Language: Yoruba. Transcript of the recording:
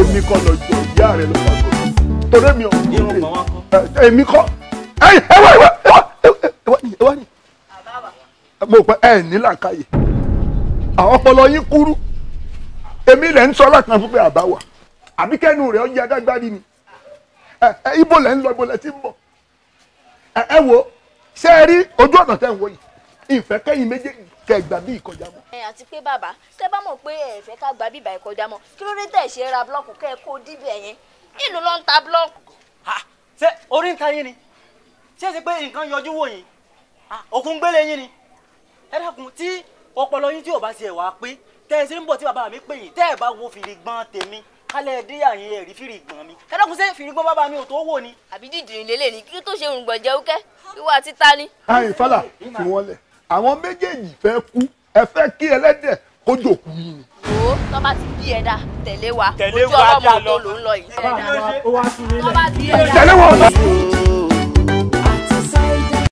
èmi kọ́ lọ jọ ìyá rẹ ló bá sọ torí mi ò ní ìrè èmi kọ́ ẹ wá ẹ wá ẹ wá ẹ wá ni mo pẹ ẹ ní làákàyè àwọn ọpọlọ yín kúrú èmi lẹ ń sọ láti náà fún pé àbá wà àbí kẹ́nu rẹ̀ ọjà dágbárí ni ibo lẹ ń lọ ibo lẹ ti ń bọ̀ ẹ wo ṣé ẹ rí ojú ọ̀nà tẹ̀ ń wọ yìí ìfẹ́ kẹ́yìn méjì kẹgbà bí ìkọjá mọ́. ẹ àti pé bàbá tẹ bá mọ̀ pé ẹ fẹ́ ká gbà bí ìbà ìkọjá mọ́ kí ló dé tẹ̀ ṣe ra búlọ́ọ̀kù kẹ́ ẹ kó díbẹ̀ yẹn ìlú ló ń ta búlọ́ọ̀kù. ṣé orí ń ta yín ni ṣé ẹ ti pé nǹkan yọjú wò yín òkun gbélé yín ni ẹ dákun tí ọpọlọ yín tí ò bá ti ẹ̀ wá pé tẹ́ ẹ ṣe ń bọ̀ tí bàbá mi pè yín tẹ́ ẹ bá wo fìrì gbọ́n tèmi kálẹ̀ ẹdí àyìn ẹ̀rí fìrì gbọ́n mi ẹ dákun ṣé fìrì gbọ́n bàbá mi ò tó wò ni. àbí dídìrín lélẹ̀ ni kí tó ṣe òǹgbọ̀n jẹ́ wúkẹ́ wíwá títa ni. àyè fálà fi wọ́n lẹ̀ àwọn méjèèjì fẹ́ kú ẹ fẹ́ kí ẹlẹ́dẹ̀ kó jòkú yín ni. wo ti bí ẹ̀dá tẹ̀lé wa ojú ọlọ́mọ tó ló ń lọ yìí. tẹ̀lé wa ọ̀dọ́.